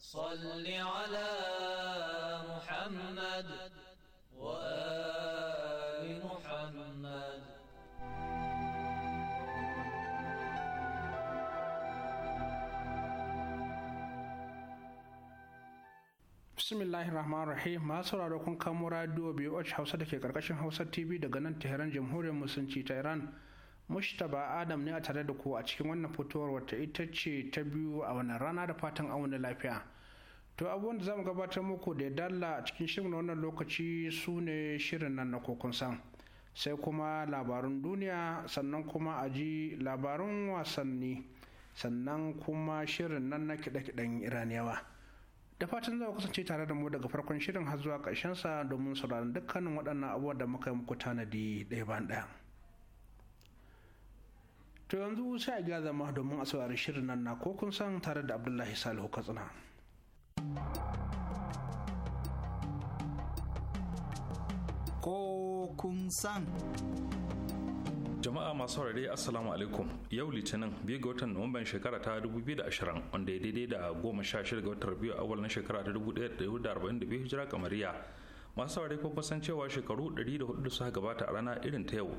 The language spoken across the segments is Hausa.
صل على محمد وآل محمد بسم الله الرحمن الرحيم ما سرارو كون كامو راديو بي اوتش هاوسا دكي كركشن هاوسا تي في daga nan Tehran Jamhuriyar Musulunci ta Iran mushtaba adam ne a tare da ku a cikin wannan fitowar wata ita ce ta biyu a wannan rana da fatan wani lafiya to abubuwan da zamu gabatar muku da dalla a cikin shirin wannan lokaci su ne shirin nan na kokon sai kuma labarun duniya sannan kuma a ji labarun wasanni sannan kuma shirin nan na kiɗe-kiɗen iraniyawa da fatan za ku kasance tare da mu daga farkon shirin har zuwa sa domin sauraron dukkanin waɗannan abubuwan da muka yi muku tanadi ɗaya bayan ɗaya to yanzu sai ga zama domin a saurari shirin nan na ko kun san tare da abdullahi salihu katsina ko kun san jama'a masu saurare assalamu alaikum yau litinin biyu ga watan nuwamban shekara ta 2020 wanda ya daidai da goma sha shida ga watan biyu awal na shekara ta 1442 hijira kamariya masu saurare ko kusan cewa shekaru 104 da suka gabata a rana irin ta yau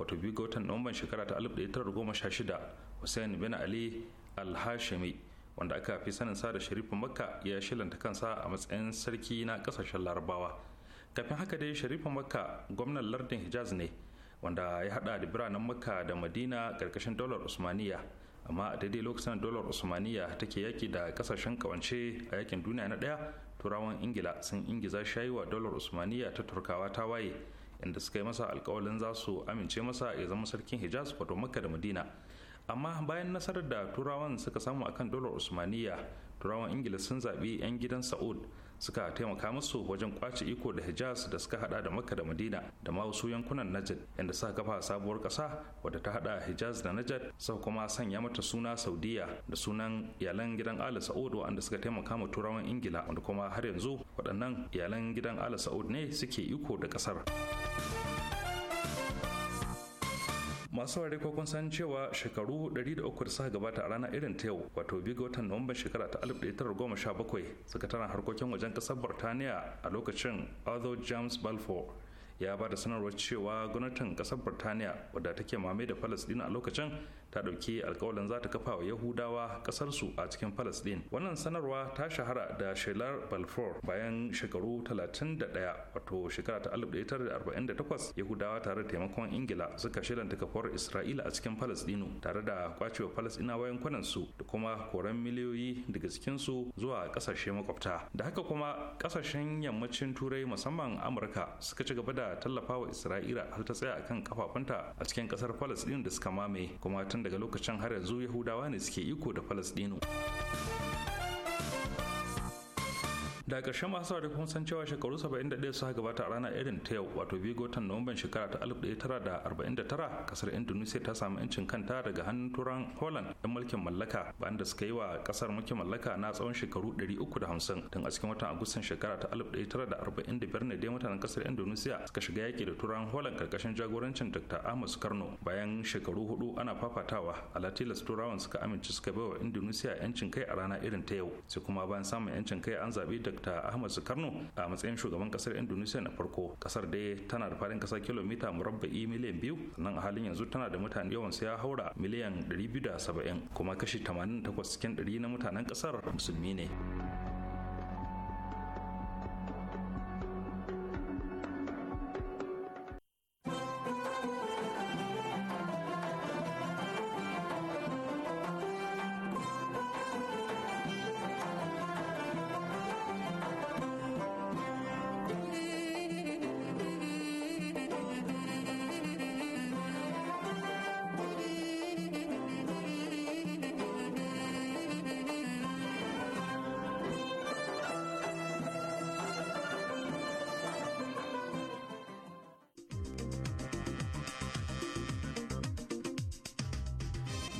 wato biyu ga watan nuwamban shekara ta alif goma sha shida hussein bin ali al-hashimi wanda aka fi sanin sa da sharifin makka ya shilanta kansa a matsayin sarki na kasashen larabawa kafin haka dai sharifin makka gwamnan lardin hijaz ne wanda ya hada da biranen makka da madina karkashin dolar usmaniya amma a daidai lokacin dolar usmaniya take yaki da kasashen kawance a yakin duniya na daya turawan ingila sun ingiza shayi wa dolar usmaniya ta turkawa ta waye inda suka yi masa alkawalin za su amince masa ya zama sarkin hijaz wato makka da madina amma bayan nasarar da turawan suka samu akan dolar usmaniya turawan ingila sun zaɓi 'yan gidan sa'ud suka taimaka musu wajen kwace iko da hijaz da suka hada da makka da madina da ma wasu yankunan najad inda suka kafa sabuwar kasa wadda ta hada hijaz da najad sau kuma sanya mata suna saudiya da sunan iyalan gidan ala sa'ud wanda suka taimaka ma turawan ingila wanda kuma har yanzu waɗannan iyalan gidan ala sa'ud ne suke iko da kasar masu ware ko kun san cewa shekaru 300 da suka gabata a rana irin ta yau wato biyu ga watan nuwamban shekara ta 1917 sakataren harkokin wajen kasar birtaniya a lokacin arthur james balfour ya ba da sanarwar cewa gwamnatin kasar birtaniya wadda take mame da palestine a lokacin ta ɗauki alkawalin za ta kafa wa yahudawa ƙasarsu a cikin palestine wannan sanarwa ta shahara da shelar balfour bayan shekaru 31 wato shekara ta 1948 yahudawa tare da taimakon ingila suka ta kafar isra'ila a cikin palestine tare da kwacewa palestinawa yankunan su da kuma koran miliyoyi daga cikin su zuwa kasashe makwabta da haka kuma kasashen yammacin turai musamman amurka suka ci gaba da tallafawa isra'ila har ta tsaya akan kafafunta a cikin ƙasar palestine da suka mamaye kuma daga lokacin har yanzu yahudawa ne suke iko da falasɗinu da ƙarshen masu saurari kun san cewa shekaru 71 suka gabata a ranar irin ta yau wato biyu watan nuwamban shekara ta 1949 kasar indonesia ta samu yancin kanta daga hannun turan holland yan mulkin mallaka bayan da suka yi wa kasar mulkin mallaka na tsawon shekaru 350 tun a cikin watan agustan shekara ta 1945 ne dai mutanen kasar indonesia suka shiga yaƙi da turan holland karkashin jagorancin dr amos karno bayan shekaru hudu ana fafatawa alatilas turawan suka amince suka bai wa indonesia yancin kai a rana irin ta yau sai kuma bayan samun yancin kai an zabi zaɓi dr ahmad sukarno a matsayin shugaban kasar indonesia na farko kasar da tana da faɗin kasa kilomita murabba'i miliyan biyu sannan a halin yanzu tana da mutane yawan sai ya haura miliyan 270 kuma kashi 88 cikin 100 na mutanen kasar musulmi ne.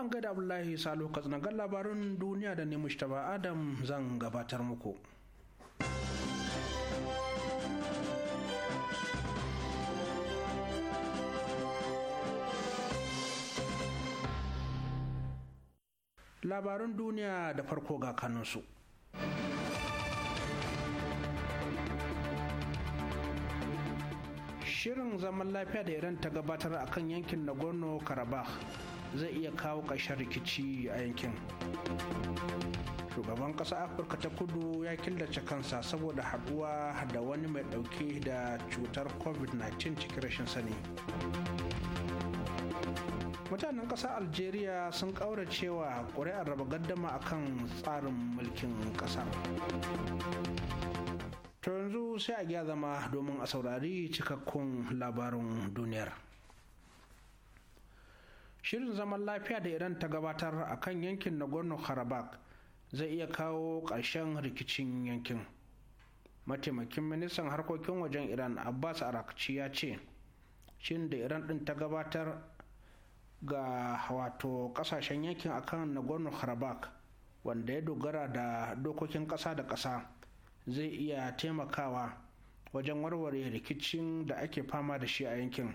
an gada abdullahi salo katsinagar labarin duniya da ne mushtaba adam zan gabatar muku Labarin duniya da farko ga kanunsu shirin zaman lafiya da iran ta gabatar a kan yankin nagorno-karabakh zai iya kawo ƙarshen rikici a yankin shugaban ƙasar afirka ta kudu ya killace kansa saboda haɗuwa da wani mai ɗauke da cutar covid-19 cikin rashin sani mutanen ƙasar algeria sun cewa ƙuri'ar raba gaddama kan tsarin mulkin ƙasa. to yanzu sai a gya zama domin a saurari cikakkun labarin duniyar shirin zaman lafiya da iran ta gabatar a kan yankin nagorno-karabakh zai iya kawo ƙarshen rikicin yankin mataimakin ministan harkokin wajen iran abbas arakci ya ce shirin da iran ɗin ta gabatar ga wato ƙasashen yankin akan nagorno-karabakh wanda ya dogara da dokokin ƙasa da ƙasa zai iya taimakawa wajen warware rikicin da ake fama da shi a yankin.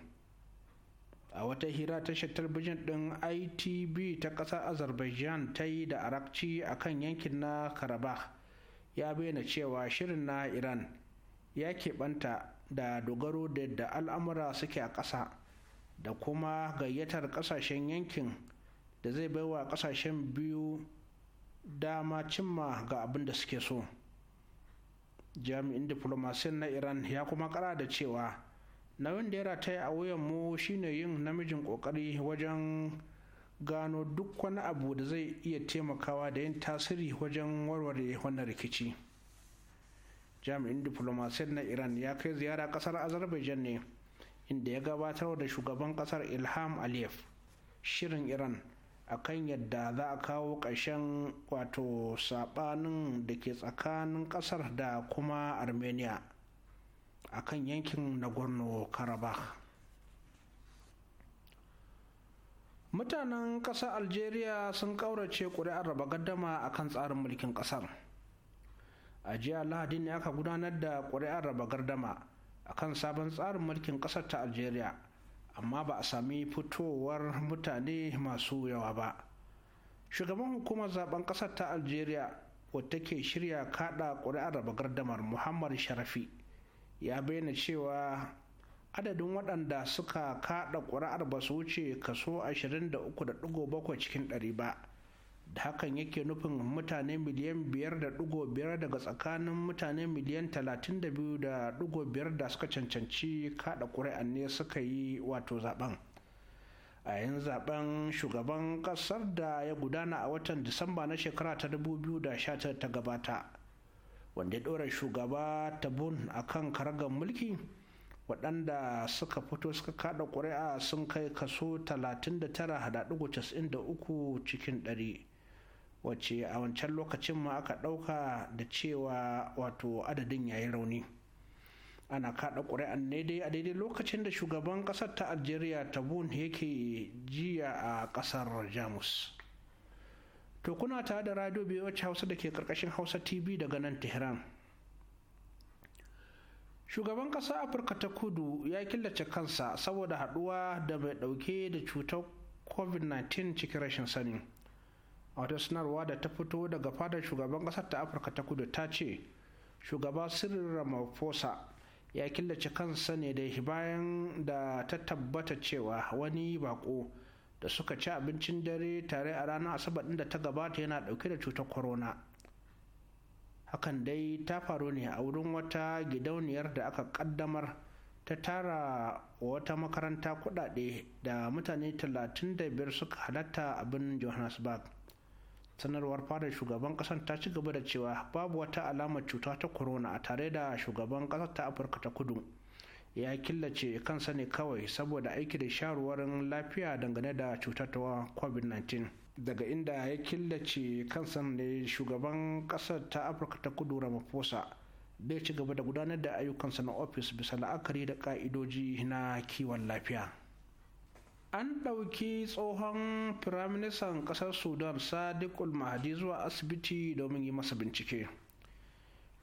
a wata hira tashar bijin din itv ta ƙasar azerbaijan ta yi da arakci a kan yankin na karabakh ya bayyana cewa shirin na iran ya keɓanta da dogaro da yadda al'amura suke a ƙasa da kuma gayyatar ƙasashen yankin da zai baiwa ƙasashen biyu dama cimma ga abin da suke so jami'in diflomasiyan na iran ya kuma kara da cewa nauyin da ya rataya a wuyanmu shine yin namijin kokari wajen gano duk wani abu da zai iya taimakawa da yin tasiri wajen warware wannan rikici jami'in diplomasiyar na iran ya kai ziyara kasar azerbaijan ne inda ya gabatar da shugaban kasar ilham aliyev shirin iran a kan yadda za a kawo ƙarshen wato sabanin da ke tsakanin kasar da kuma armenia a kan yankin nagorno-karabakh mutanen ƙasar algeria sun ƙaurace ƙuri'ar raba gaddama a kan tsarin mulkin ƙasar a jiya lahadi ne aka gudanar da ƙuri'ar raba gardama a kan sabon tsarin mulkin ƙasar ta algeria amma ba a sami fitowar mutane masu yawa ba shugaban hukumar zaben ƙasar ta algeria wadda ke shirya kada ƙuri'ar raba gardamar muhammad sharafi ya bayyana cewa adadin waɗanda suka kaɗa ƙuri'ar ba su wuce kaso 23.7 cikin ɗari ba da hakan yake nufin mutane miliyan 5.5 daga tsakanin mutane miliyan 32.5 da suka cancanci kaɗa ƙuri'ar ne suka yi wato zaben a yin zaben shugaban ƙasar da ya gudana a watan disamba na shekara ta 2019 ta gabata wanda ya ɗora shugaba tabun a kan karagar mulki waɗanda suka fito suka kaɗa ƙuri'a sun kai kaso 39.93 cikin 100 wacce a wancan lokacin ma aka ɗauka da cewa wato adadin yayi rauni ana kaɗa ƙuri'an ne dai a daidai lokacin da shugaban ƙasar ta algeria tabun yake jiya a ƙasar jamus to kuna tare da radio wacce Hausa da ke karkashin Hausa TV daga nan Tehran. Shugaban ƙasa Afirka ta kudu ya killace kansa saboda haɗuwa da mai ɗauke da cutar COVID-19 cikin rashin sani. A wata sanarwa da ta fito daga fadar shugaban ƙasar ta Afirka ta kudu ta ce, Shugaba Cyril Ramaphosa ya killace kansa ne da bayan da ta tabbata cewa wani baƙo. da suka ci abincin dare tare a ranar asabar da ta gabata yana dauke da cutar corona hakan dai ta faru ne a wurin wata gidauniyar da aka kaddamar ta tara wata makaranta kudade da mutane 35 suka halatta abin johannesburg sanarwar fadar shugaban kasar ta ci gaba da cewa babu wata alamar cuta ta corona a tare da shugaban kasar ta afirka ta kudu ya killace kansa ne kawai saboda aiki da shawarwarin lafiya dangane da cutar ta covid-19 daga inda ya killace kansa ne shugaban kasar ta afirka ta kudu ramaphosa zai ci gaba da gudanar da ayyukansa na ofis bisa la'akari da ka'idoji na kiwon lafiya an ɗauki tsohon firaministan ƙasar sudan sadiq mahdi zuwa asibiti domin yi masa bincike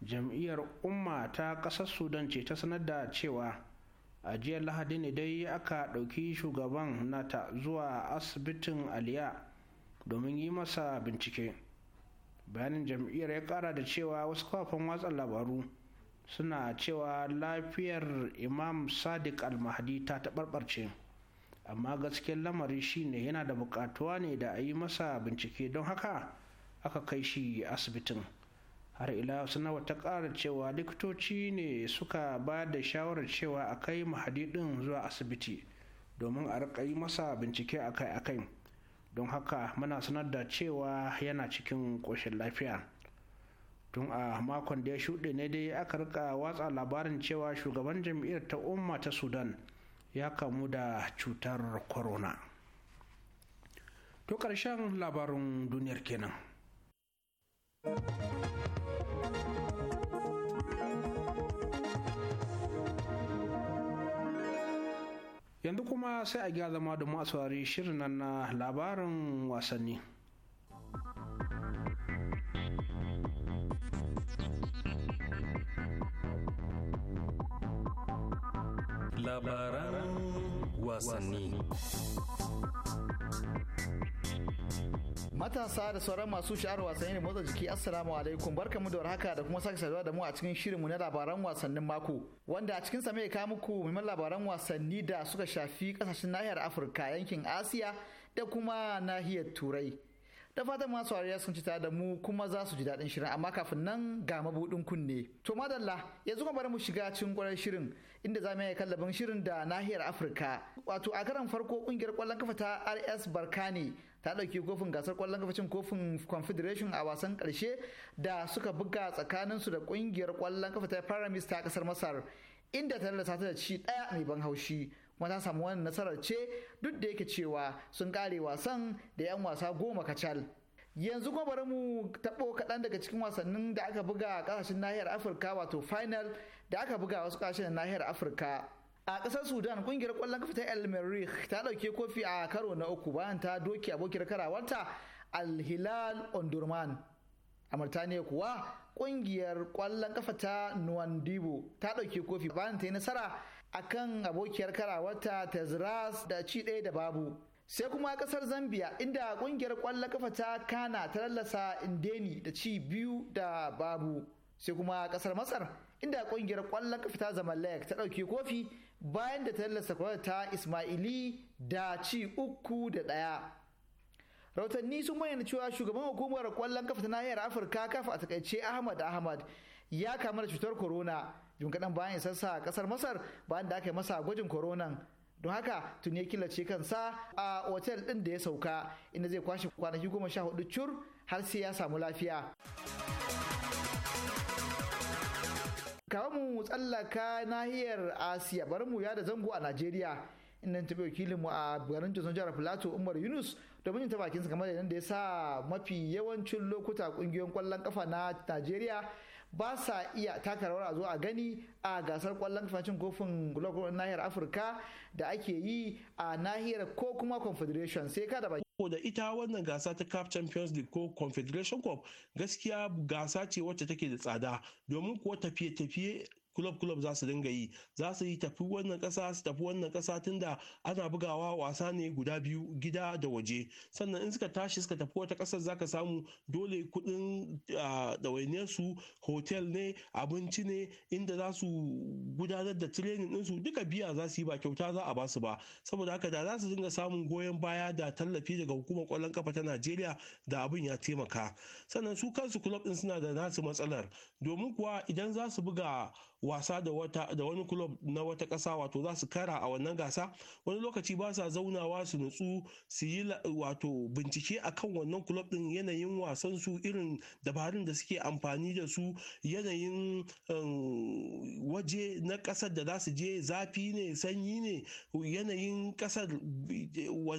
jam'iyyar umma ta ƙasar sudan ce ta sanar da cewa a jiya lahadi ne dai aka ɗauki shugaban nata zuwa asibitin aliya domin yi masa bincike bayanin jam'iyyar ya ƙara da cewa wasu kafafen watsa labaru suna cewa lafiyar imam sadiq almahdi ta taɓarɓarce amma gaskiyar lamari shine yana da buƙatuwa ne da a yi masa bincike don haka aka kai shi asibitin. har ila sanarwa ta ƙara cewa likitoci ne suka ba da shawarar cewa a kai mahadi ɗin zuwa asibiti domin a riƙa yi masa bincike akai-akai don haka muna sanar da cewa yana cikin ƙoshin lafiya tun a makon da ya shuɗe ne dai aka rika watsa labarin cewa shugaban jam'iyyar ta umma ta sudan ya kamu da cutar corona to ƙarshen labarin duniyar kenan. yanzu kuma sai a gya zama da masu shirin nan na labarin wasanni labaran wasanni matasa da sauran masu sha'ar wasanni da motsa jiki assalamu alaikum barkamu da warhaka da kuma sake saduwa da mu a cikin shirinmu na labaran wasannin mako wanda a cikin sa mai kawo muku muhimman labaran wasanni da suka shafi kasashen nahiyar afirka yankin asiya da kuma nahiyar turai da fatan masu wariya sun ci da mu kuma za su ji daɗin shirin amma kafin nan ga mabuɗin kunne to madalla yanzu kuma bari mu shiga cikin ƙwarar shirin inda za mu yi kallabin shirin da nahiyar afirka wato a karan farko kungiyar kwallon kafa ta rs barkani. ta ɗauki kofin gasar kwallon kafa cin kofin confederation a wasan karshe. da suka buga tsakaninsu da kungiyar kwallon kafa ta pyramis ta ƙasar masar inda tare da sata da ci daya mai ban haushi kuma ta samu wani nasarar ce duk da yake cewa sun kare wasan da 'yan wasa goma kacal yanzu kuma bari mu tabo kaɗan daga cikin wasannin da aka buga a ƙasashen nahiyar afirka wato final da aka buga wasu kasashen nahiyar afirka a ƙasar sudan ƙungiyar ƙwallon kafa ta el ta ɗauke kofi a karo na uku bayan ta doki abokiyar karawarta al ondurman a Murtaniya kuwa ƙungiyar ƙwallon kafa ta Nuwandibo ta ɗauki kofi bayan ta yi nasara akan abokiyar karawarta Tazras da ci ɗaya da babu. Sai kuma kasar Zambia inda kungiyar kwallon kafa ta Kana ta lallasa Indeni da ci biyu da babu. Sai kuma kasar Masar inda kungiyar kwallon kafa ta Zamalek ta ɗauki kofi bayan da ta lallasa ta Ismaili da ci uku da ɗaya. rahotanni sun bayyana cewa shugaban hukumar kwallon kafa ta nahiyar afirka kafa a takaice ahmad ahmad ya kama da cutar corona jim bayan sassa a kasar masar bayan da aka yi masa gwajin koronan don haka tuni ya killace kansa a otel ɗin da ya sauka inda zai kwashe kwanaki goma sha hudu cur har sai ya samu lafiya. kawo mu tsallaka nahiyar asiya bari mu da zango a najeriya inda ta bi wakilinmu a garin jos jihar filato umar yunus domin ta bakinsa game da yadda ya sa mafi yawancin lokuta kungiyoyin kwallon kafa na najeriya ba sa iya taka rawar a zo a gani a gasar kwallon kafacin kofin global nahiyar afirka da ake yi a nahiyar ko kuma confederation sai ka da baki da ita wannan gasa ta cup champions league ko confederation cup gaskiya gasa ce wacce take da tsada domin kuwa tafiye-tafiye club club za su dinga yi za su yi tafi wannan kasa su tafi wannan kasa tunda ana bugawa wasa ne guda biyu gida da waje sannan in suka tashi suka tafi wata kasar zaka samu dole kudin ɗawainiyar su hotel ne abinci ne inda za su gudanar da tirenin din su duka biya za su yi ba kyauta za a basu ba saboda haka da za su dinga samun goyon baya da tallafi daga hukumar kwallon kafa ta Najeriya da abin ya taimaka sannan su kansu club din suna da nasu matsalar domin kuwa idan za su buga wasa da wani club na wata kasa wato za su kara a wannan gasa wani lokaci ba sa zaunawa su nutsu su yi wato bincike a kan wannan club din yanayin wasan su irin dabarun da suke amfani da su yanayin um, waje na kasar da za su je zafi ne sanyi ne yanayin ƙasar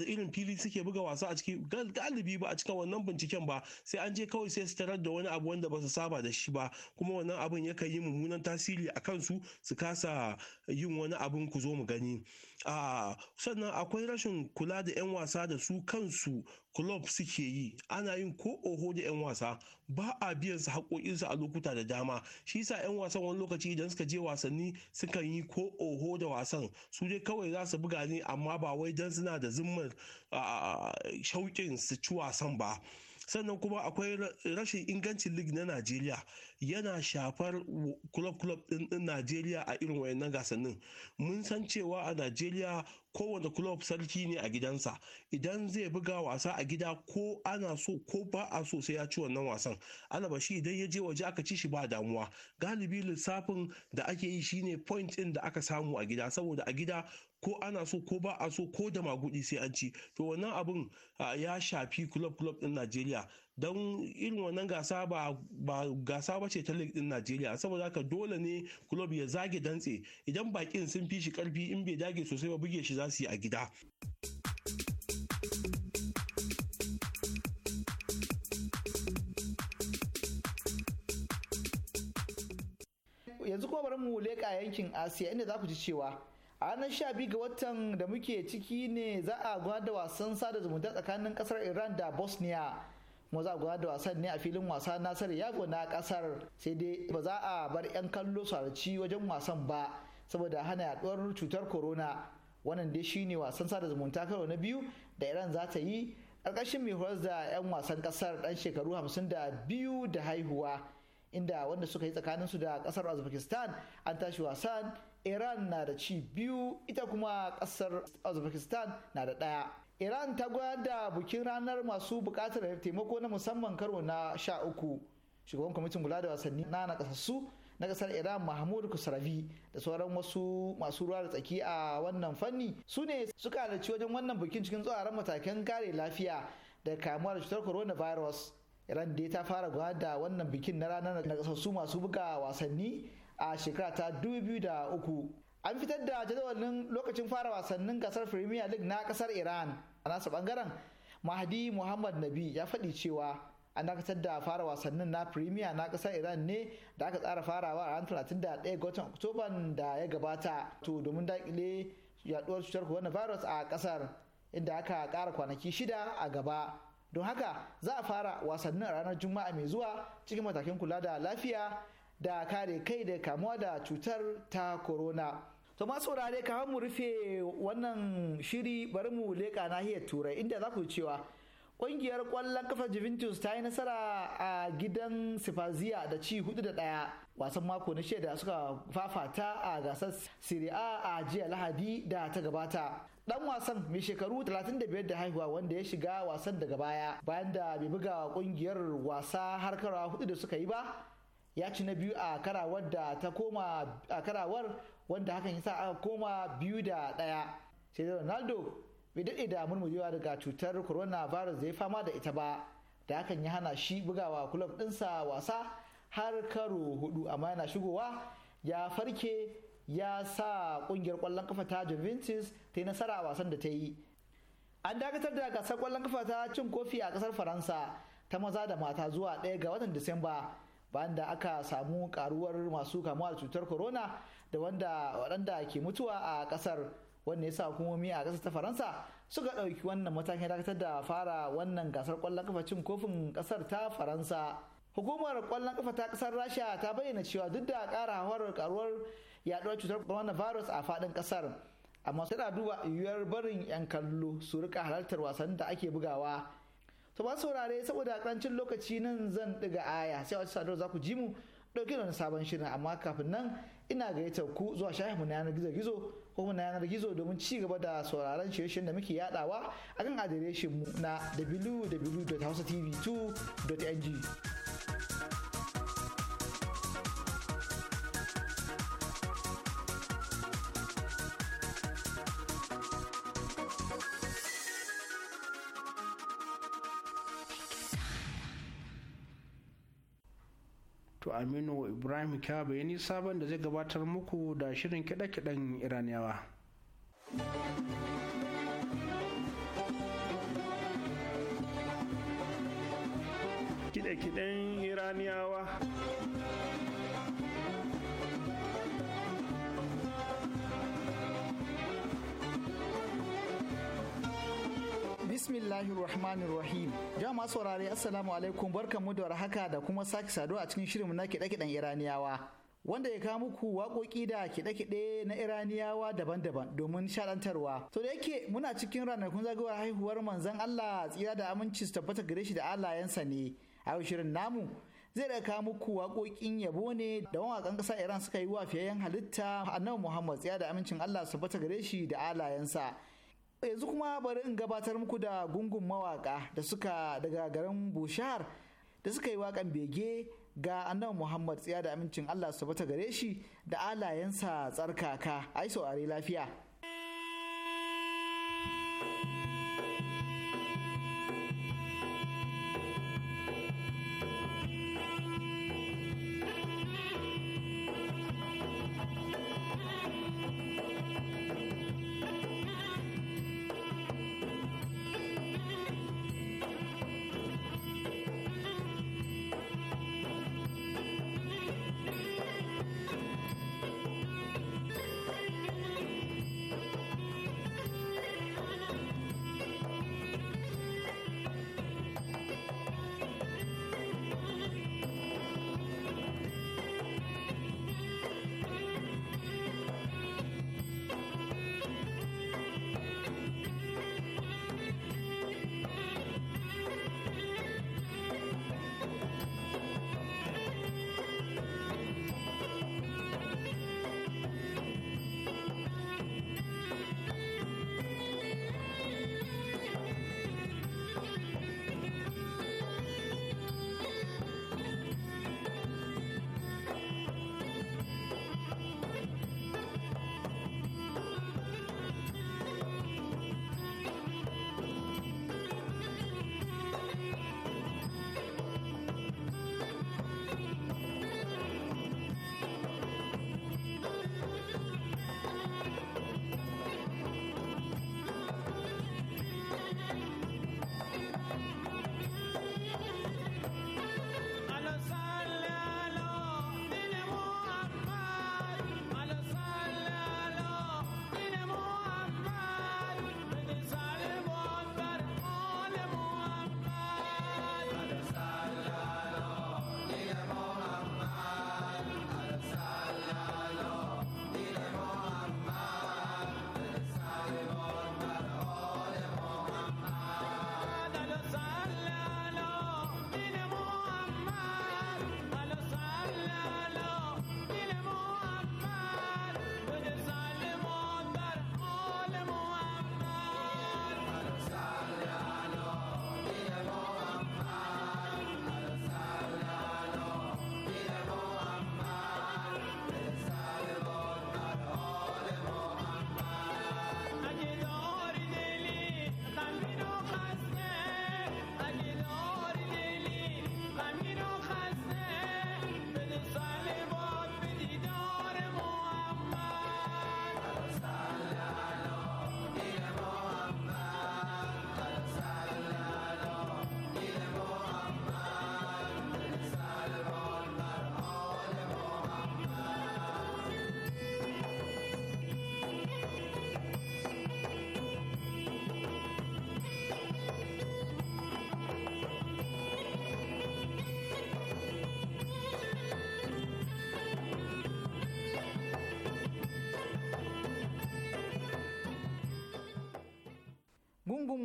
irin fili suke buga wasa a ciki galibi ba a cikin wannan binciken ba sai an je kawai sai su tarar da wani abu wanda ba su saba da shi ba kuma wannan abin yakan yi mummunan tasiri a kansu su kasa yin wani abin ku zo mu gani a sannan akwai rashin kula da 'yan wasa da su kansu club suke yi ana yin ko oho da 'yan wasa ba a biyan su haƙoƙinsu a lokuta da dama shi yasa 'yan wasan wani lokaci idan suka je wasanni suka yi ko oho da wasan su dai kawai za su buga ne amma ba wai dan suna da zimmar shauƙin su ci wasan ba sannan kuma akwai rashin ingancin league na najeriya yana shafar club club din najeriya a irin wayannan gasannin mun san cewa a najeriya kowane club sarki ne a gidansa idan zai buga wasa a gida ko ana so ko ba a so sai ya ci wannan wasan alaba shi idan ya je waje aka ci shi ba damuwa galibi lissafin da ake yi shine point din da aka samu a gida saboda a gida ko ana so ko ba a so ko da magudi sai an ci to wannan abun ya shafi club club din Najeriya don irin wannan gasa ba gasa bace ta league din Najeriya saboda haka dole ne club ya zage dantse idan bakin sun fi shi karfi in bai dage sosai ba buge shi za su yi a gida yanzu kuma bari mu leƙa yankin asiya inda za ku ji cewa a ranar sha biyu ga watan da muke ciki ne za a gudanar da wasan sada zumunta tsakanin kasar iran da bosnia kuma za a gudanar da wasan ne a filin wasa nasar yago na kasar sai dai ba za a bar 'yan kallo su wajen wasan ba saboda hana yaduwar cutar corona wannan dai shine wasan sada zumunta karo na biyu da iran za ta yi ƙarƙashin mai horar da 'yan wasan kasar ɗan shekaru hamsin da biyu da haihuwa inda wanda suka yi tsakaninsu da kasar uzbekistan an tashi wasan iran na da ci biyu ita kuma kasar uzbekistan na da ɗaya iran ta gwada bikin ranar masu buƙatar taimako na musamman karo na sha uku shugaban kwamitin kula da wasanni na na kasassu na kasar iran mahmud kusravi da sauran wasu masu ruwa da tsaki a wannan fanni su ne suka halarci wajen wannan bikin cikin tsoron matakan kare lafiya da kamuwa da cutar coronavirus iran dai ta fara gwada wannan bikin na ranar na kasassu masu buga wasanni a shekara ta 2003 an fitar da jadawalin lokacin fara wasannin kasar premier league na kasar iran a nasa bangaren mahdi muhammad nabi ya faɗi cewa an dakatar da fara wasannin na premier na kasar iran ne da aka tsara farawa a ranar 31 ga watan oktoban da ya gabata to domin dakile yaduwar cutar virus a kasar inda aka kara kwanaki shida a gaba don haka za a fara wasannin a ranar juma'a mai zuwa cikin matakin kula da lafiya da kare kai da kamuwa da cutar ta corona. To masu saurare ka mu rufe wannan shiri bari mu leƙa nahiyar turai inda za ku cewa ƙungiyar ƙwallon kafa Juventus ta yi nasara a gidan Sifaziya da ci hudu da ɗaya wasan mako na shida suka fafata a gasar Serie A jiya Lahadi da ta gabata. dan wasan mai shekaru 35 da haihuwa wanda ya shiga wasan daga baya bayan da bai buga ƙungiyar wasa har hudu da suka yi ba ya ci na biyu a karawar da ta koma a karawar wanda hakan yasa aka koma biyu da ɗaya sai da ronaldo bai daɗe da murmurewa daga cutar coronavirus da ya fama da ita ba da hakan ya hana shi bugawa kulob sa wasa har karo hudu amma yana shigowa ya farke ya sa kungiyar kwallon kafa ta juventus ta yi nasara a wasan da ta yi an dakatar da gasar kwallon kafa ta cin kofi a kasar faransa ta maza da mata zuwa ɗaya ga watan disamba bayan da aka samu karuwar masu kamuwa da cutar corona da wanda waɗanda ke mutuwa a ƙasar wanda ya sa hukumomi a ƙasar ta faransa suka ɗauki wannan matakin dakatar da fara wannan gasar ƙwallon kafa cin kofin ƙasar ta faransa hukumar ƙwallon kafa ta ƙasar rasha ta bayyana cewa duk da ƙara hawar karuwar yaɗuwar cutar corona virus a faɗin ƙasar amma tana duba yiwuwar barin 'yan kallo su rika halartar wasan da ake bugawa to ba saurare saboda karancin lokaci nan zan ɗiga aya sai wata sadarwa za ku ji mu ɗauke da wani sabon shirin amma kafin nan ina gayyatar ku zuwa shafin mu na yanar gizo gizo ko mu na yanar gizo domin ci gaba da sauraron shirye-shiryen da muke yadawa akan adireshin mu na www.hausatv2.ng to aminu ibrahim kyaba bayani sabon da zai gabatar muku da shirin kiɗe-kiɗen iraniyawa kiɗe-kiɗen iraniyawa bismillahir rahmanir rahim jama'a saurare assalamu alaikum mu da warhaka da kuma sake saduwa a cikin shirinmu na kiɗe-kiɗen iraniyawa wanda ya kawo muku waƙoƙi da kiɗe-kiɗe na iraniyawa daban-daban domin shaɗantarwa to da yake muna cikin ranakun zagawar haihuwar manzon allah tsira da aminci su tabbata gare shi da allayensa ne a shirin namu zai da kawo muku waƙoƙin yabo ne da mawaƙan ƙasa iran suka yi wa fiyayyen halitta annabi muhammad tsira da amincin allah su tabbata gare shi da allayensa yanzu kuma bari in gabatar muku da gungun mawaka da suka daga garin bushar da suka yi wakan bege ga annabi muhammad tsiya da amincin allah su bata gare shi da alayensa tsarkaka ai saurari lafiya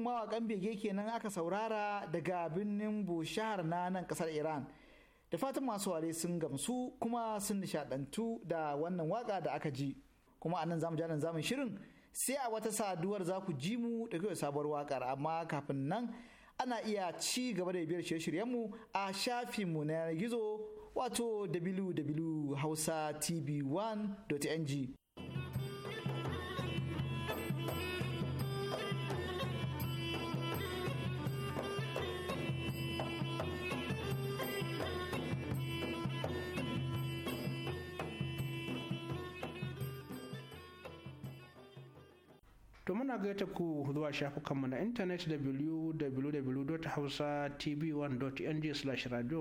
mawakan bege kenan aka saurara daga birnin bushahar na nan kasar iran da fatan masu ware sun gamsu kuma sun nishadantu da wannan waka da aka ji kuma a nan zamu janin zamun shirin sai a wata saduwar za ku ji mu da kai sabuwar wakar amma kafin nan ana iya ci gaba da biyar shirye-shiryenmu a shafinmu na gizo wato www.hausatv1.ng to muna gaita ku zuwa shafukanmu na intanet www.hausatv1.ng/radio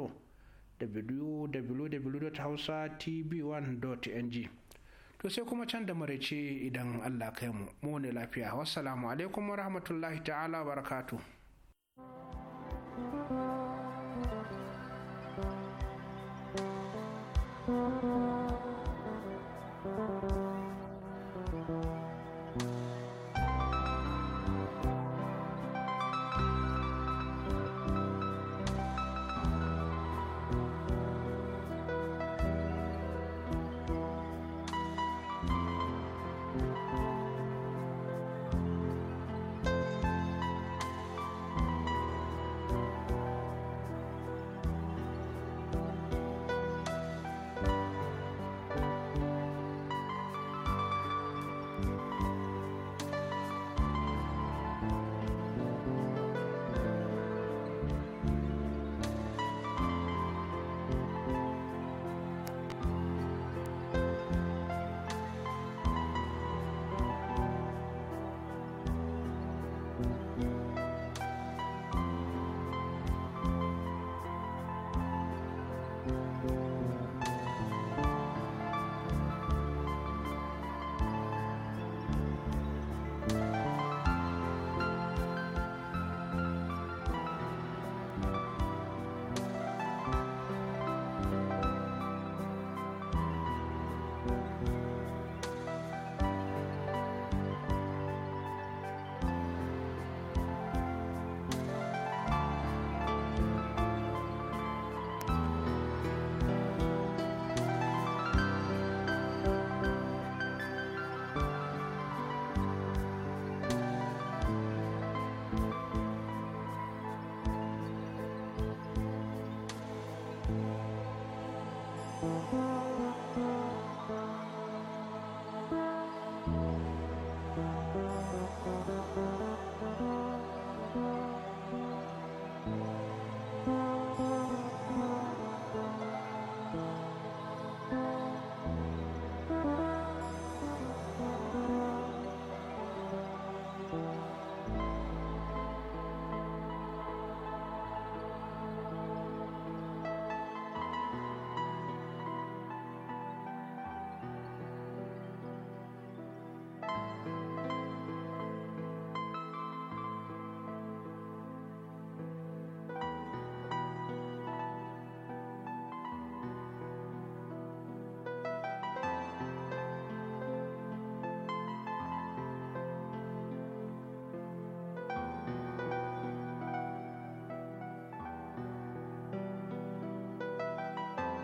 www.hausatv1.ng to sai kuma can da maraice idan Allah kai mu mu ne lafiya wassalamu alaikum wa rahmatullahi ta'ala wa barakatuh